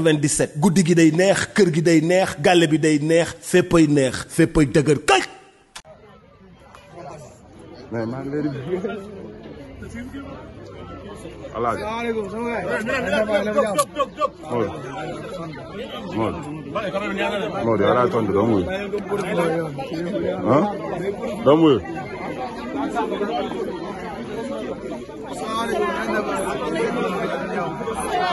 97 guddi gi day neex kër gi day neex gàlle bi day neex féppay neex féppay dëgër kay mais maa ngi leen di. alaaka salaamaaleykum sama gars. Maodo yàlla tontu doo muy. ah doo muy. salaamaaleykum.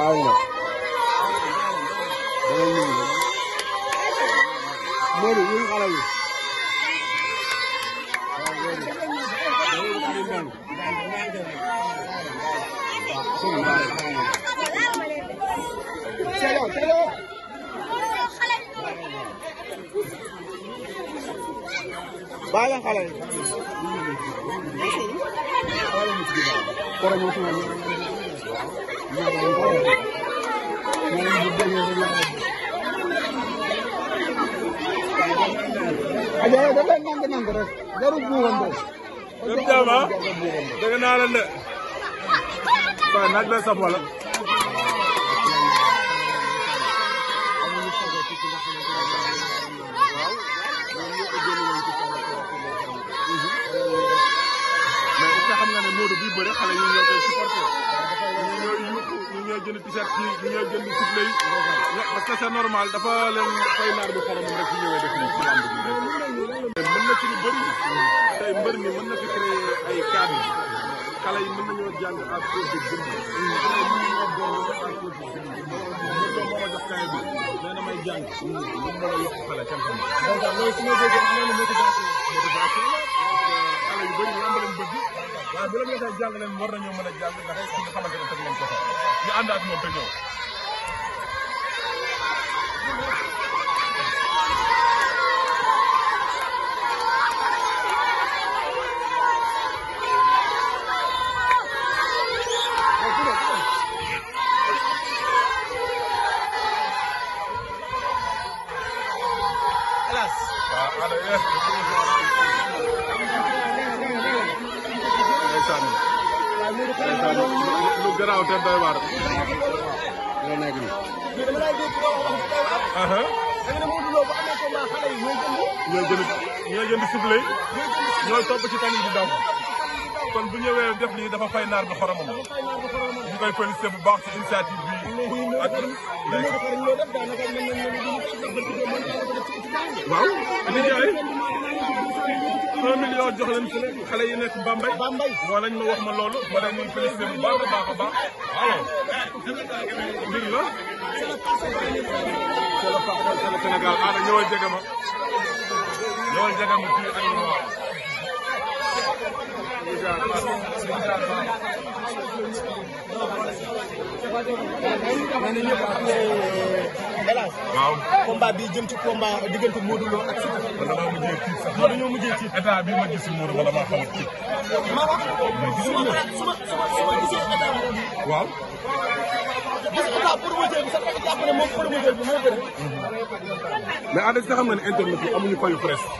baaw nga dangay ñëw rek Modou ñun xale yi bàyyi leen xale yi korom aja dafa nangu nangu rek jarul buurandoo. dem jaama saf wala. xam nga ne Modou buy bëre xale yi ñoo koy supporté ñu ñooy yuuxu ñu ñooy jënd t-shirt yi ñu ñooy jënd sifflet yi parce que c'est normal dafa leen fay naar bi xolom rek su ñëwee def nii ci làmb bi mën na ci lu bëri tey mbër mi mën na fi créer ay cadre xale yi mën nañoo jàng à cause de jëmm xale yi mën nañoo góor à cause de jëmm moo ma jox kaye bi nee na may jàng mën na la yokk xale kenn xam donc loolu su ma déggee am na motivation motivation xale yu bëri làmb lañ bëgg waaye bu la neexee jàng leen war nañoo mën a jàng ndax suñu xamante ne teg nañ ko fa ñu ànd ak moom te ñëw garaaw te doy waar. loolu nekk nii. mais dama lay dégg wax wax doy waar. da nga ne Modou Lo bu amee combat xale yi ñooy jënd. ñooy jënd ñooy jënd soufflé ñooy topp ci tali di daw. kon bu ñëwee def lii dafa fay naar bi xoromam. ñu koy félicité bu baax ci initiative bi. ak waaw. un million jox leen fële xale yi nekk Bambey. Bambey moo lañ ma wax ma loolu ma dem ñu félicité bu baax a baax a baax alors mbir la. c'est le partenaire Sénégal aada ah, ñëwal jege ma ñëwal jege ma fii ak waaw combat bi jëm ci combat diggante Modou Lo ak Siteu. man damaa mujjee tiit sax. waaw dañoo mujjee tiit état bi ma gis si Modou Lo damaa xaw a tiit. ma wax su ma su ma su ma gisee état bi. waaw. gis état promoteur bi sax dafa jàpp ne moom promoteur bi moo bëri. mais Ades na xam nga ne internet yi amuñu fayu presse.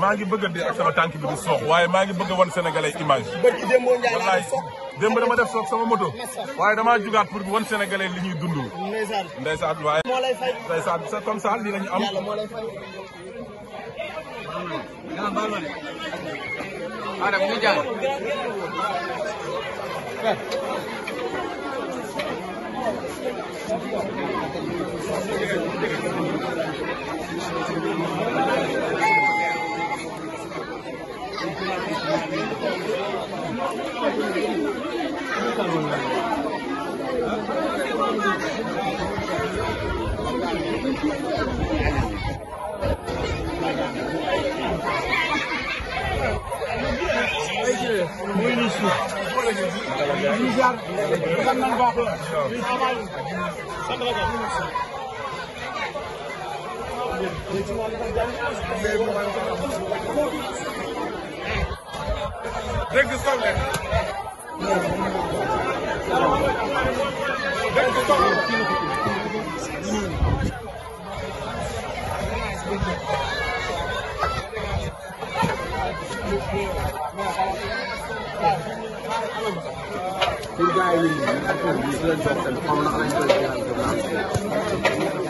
maa ngi bëgg a ak sama tànk bi di soox. waaye maa ngi bëgg a wan sénégalais image. bëgg démboo Ndiaye dama def soog sama moto. waaye damaa jugaat pour wan sénégalais li ñuy dund. ndeysaan waaye. moo lay fay ndeysaan c'est comme ça Ini biar, bukan manfaat. Ini amal. Sampai lagi. dégg soble dégg soble pour gars yi ñu ngi leen di leen jox seen xaw ma naka lañ koy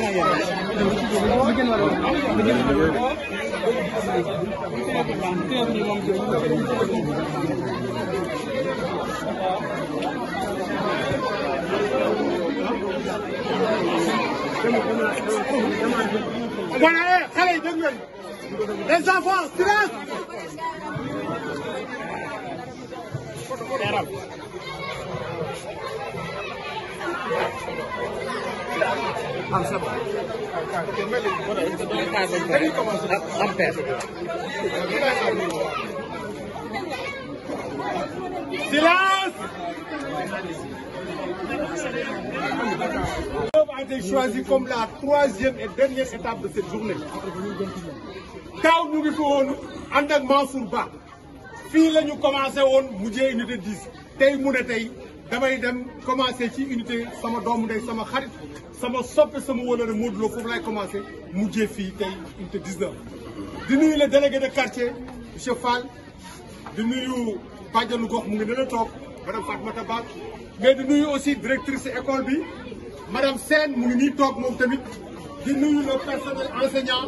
Bon, allez, allez, deux minutes. Les enfants, silence Get up. am sa bopp. Silence a été choisi comme la troisième et dernière étape de cette journée. daaw ñu ngi fi woon ànd ak Mansour Ba fii la ñu commencé woon mujjee unité 10 tey mu ne tey. damay dem commencé ci unité sama doomu ndey sama xarit sama soppe sama wóolare Modou Lo foofu laay commencé mujjee fii tey unité 19. di nuyu le délégué de quartier monsieur Fall di nuyu bàjjanu gox mu ngi dana toog madame Fatmata Ba mais di nuyu aussi directrice école bi madame seen mu ngi nii toog moom tamit di nuyu le personnel enseignant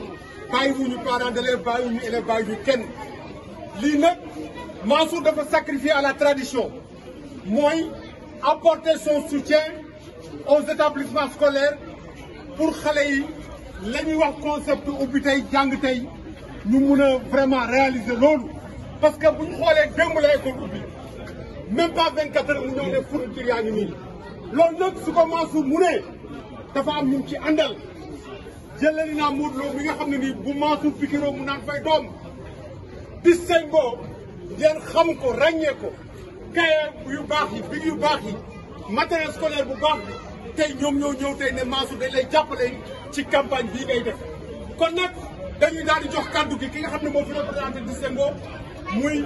bàyyiwuñu parents d'élèves bàyyiwuñu élèves bàyyiwuñu kenn. lii nag Mansour dafa sacrifier à la tradition mooy. apporter son soutien aux établissements scolaires pour xale yi la ñuy wax concept ubbi tey jàng tey ñu mun vraiment réaliser loolu parce que bu ñu xoolee démb la école ubbi même pas 24 heures mu ñëw ne fourniture yaa ngi nii loolu nag su ko Mansour mu ne dafa am ñu ci àndal jëlali naa Modou Lo mi nga xam ne nii bu Mansour pikiroo mu naan fay doom di seen boo ngeen xam ko ràññee ko kaye yu baax yi bi yu baax yi matériel scolaire bu baax tey ñoom ñoo ñëw tey ne Mansour dañ lay jàppale ci campagne bii ngay def kon nag dañuy daal di jox kàddu gi ki nga xam ne moo fi représenté di Sengo muy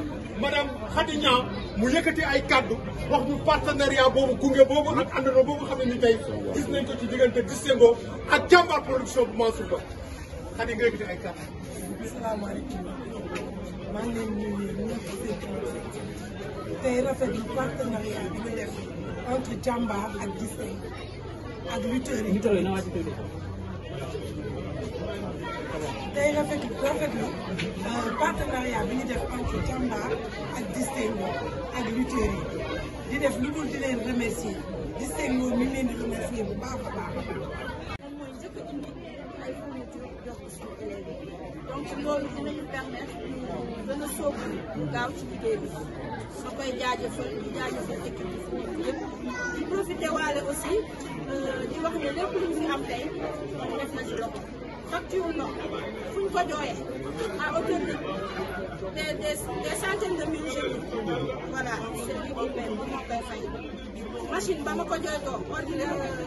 madame Khady Niang mu yëkkati ay kàddu wax ñu partenariat boobu gunge boobu ak àndandoo boobu xam ne ni tey gis nañ ko ci diggante di Sengo ak jàmbaar production bu Mansour Ba Khady nga yëkkati ay kàddu. asalaamaaleykum maa ngi tey rafetlu partenariat bi ñu def entre jàmbaar ak Disney ak lutteurs yi. tey rafetlu rafetlu partenariat bi ñu def entre jàmbaar ak Disney ak lutteurs yi di def lu dul di leen remercier Disney mi ngi leen di remercier bu baax a baax. ay fan yu tuuti jox ko suñu élèves yi donc loolu dinañu permettre ñu gën a sóobu gaaw ci liggéey bi ma koy jaajëfal di jaajëfal équipe yëpp di profité aussi di wax ne lépp lu ñu am tey def na ci loxo ko jooyee à hauteur de des de mille jeunes voilà c'est lui qui paie moom moo koy fay machine ba ma ko jooytoo ordinateur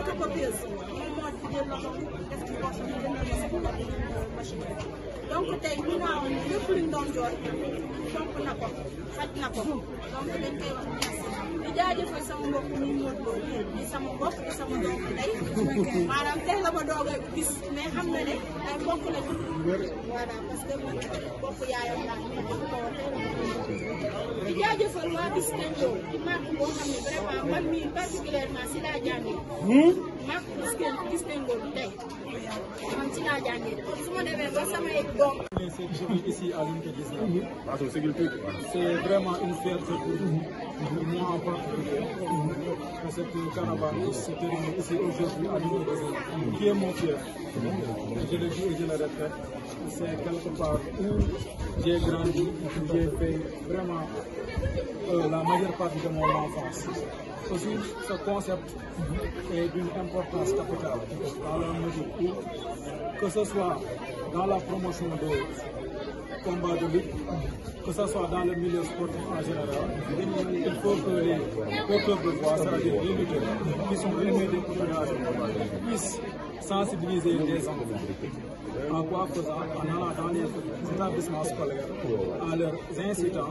photocopieuse ñuy moo jigéen loxo def ci bopp ñu gën a yokk machine bi donc tey ñu naa lépp luñ doon jooy donc na ko faj na ko donc dañ koy wax merci di jaajëfal sama mbokk mi Modou Lo di sama bopp sama doomu ndey maanaam tey la ma doog a gis mais xam na ne ay mbokk la ñu voilà parce que man bopp yaayam laa ñu ko di jaajëfal waa di marque boo xam ne vraiment man mii particulièrement si laa jàngee marque bis Tembo bi tey man si laa jàngee kon su ma demee ba samay doom terminer cette journée ici à l'unité mhm. ah, C'est vraiment une fierté pour, moi en particulier. Que cette caravane mhm. se termine ici aujourd'hui à l'unité Qui est mon fier Je le dis et je le répète. C'est quelque part où j'ai grandi, où j'ai fait vraiment euh, la majeure partie de mon enfance. Aussi, ce concept est d'une importance capitale dans la mesure où, que ce soit dans la promotion de combats de lutte, que ce soit dans le milieu sportif en général, il faut que les peuples de voix, c'est-à-dire les lutteurs qui sont élevés des populations, puissent sensibiliser les enfants. En quoi faisant, en allant dans les établissements scolaires, en leur incitant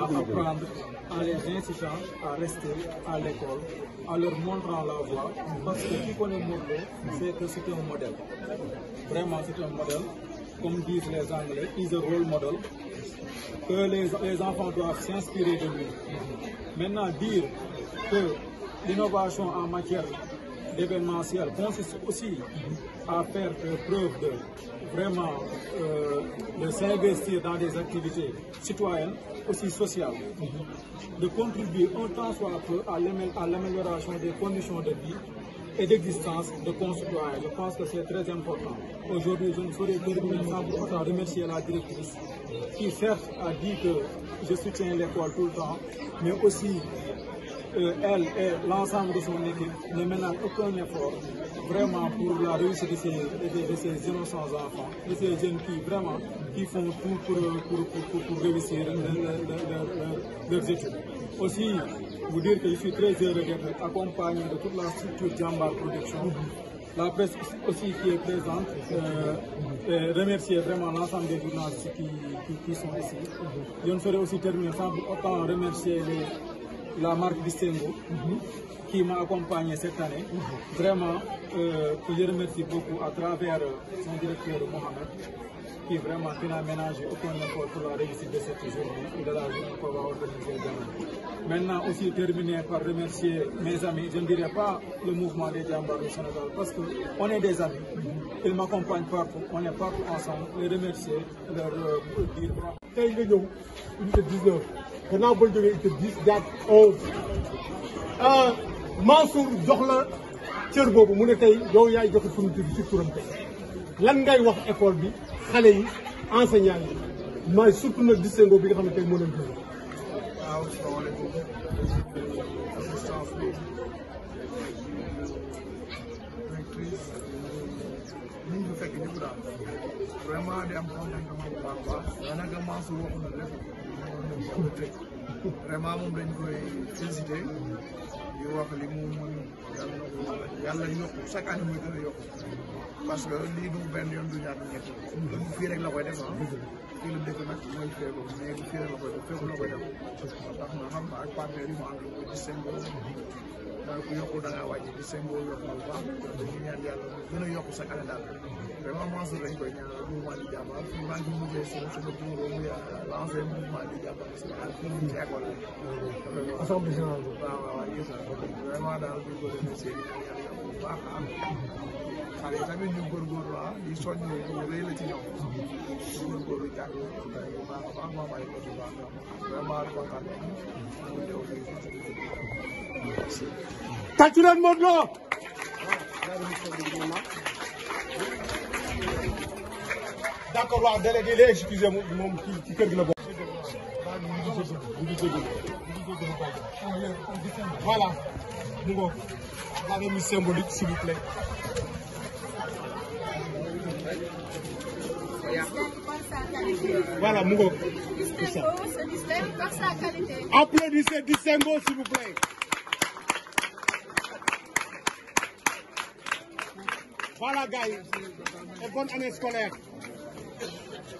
à apprendre, en les incitant à rester à l'école, en leur montrant la voie, parce que qui connaît Morlo sait que c'est un modèle. Comme disent les Anglais, is a role model que les, les enfants doivent s'inspirer de lui. Maintenant, dire que l'innovation en matière l'événementiel consiste aussi à faire euh, preuve de vraiment euh, de s'investir dans des activités citoyennes, aussi sociales, de contribuer un temps soit peu à l'amélioration des conditions de vie et d'existence de concitoyens. Je pense que c'est très important. Aujourd'hui, je ne saurais terminer sans pour autant remercier la directrice qui certes a dit que je soutiens l'école tout le temps, mais aussi Euh, elle et l'ensemble de son équipe ne ménagent aucun effort vraiment pour la réussite de ces, de, de ces innocents enfants, de ces jeunes qui font tout euh, pour, réussir leur, leur, Aussi, vous dire que je suis très heureux de toute la structure Jambar Production la presse aussi qui est présente euh, remercier l'ensemble des journalistes qui, sont ici. Je ne saurais aussi terminer sans autant remercier les la marque Distingo, mhm. qui m'a accompagné cette année. Mhm. Vraiment, euh, je remercie beaucoup à travers euh, son directeur Mohamed, qui vraiment qui n'a ménagé aucun effort pour la réussite de cette journée et de la journée qu'on va organiser demain. Maintenant aussi terminer par remercier mes amis, je ne dirais pas le mouvement des Djambars du parce qu'on est des amis, mhm. ils m'accompagnent partout, on est partout ensemble, les remercier, leur euh, tey nga ñëw unité 19 gannaaw ba jógee unité 10 jaar 11 Mansour jox la cër boobu mu ne tey yow yaay joxe fourniture bi ci turam tey lan ngay wax école bi xale yi enseignant yi mooy surtout nag distingo bi nga xam ne tey moo leen jóge waaw salaamaaleykum assistance bi directrice ñu fekk ñëpp vraiment di am contentement bu baax a baax daanaka Mansour waxu na lépp vraiment moom dañ koy félicité di wax li mu mën yàlla yàlla yokku chaque année muy a yokku parce que lii du benn yoon du ñaar ñett ah. fii rek la koy def fii la dëkk nag mooy feeku mais fii rek la koy def daal ku yokku da ngaa di sengoo yokku bu baax dañuy ñaan yàlla gën a yokku chaque daal vraiment Mansour lañ koy ñaanal mouvement di jàmbaar maa ngi mujjee sama sama bureau muy lancé mouvement di jàmbaar Sénégal fii ci école bi. assemblée générale bi. waaw waaw waaw yéen a vraiment daal di ko remercier yàlla bu baax a am. xale yi tamit ñu góorgóorlu ah di soññee ñu rëy la ci ñoom. ñu góorgóorlu jàng bu baax a baax maa bàyyi ko bu baax vraiment kontaan nañu. ñu ñëw fii fii ci biir. tàccu leen Modou Lo. d' accord waaw délégué les excusez moom ci kër gi la bokk. voilà mu ngoog la remise symbolique s'il vous plaît. Voilà, Mougo. Applaudissez Distingo, s'il vous plaît. Voilà, guys. Et bonne année scolaire.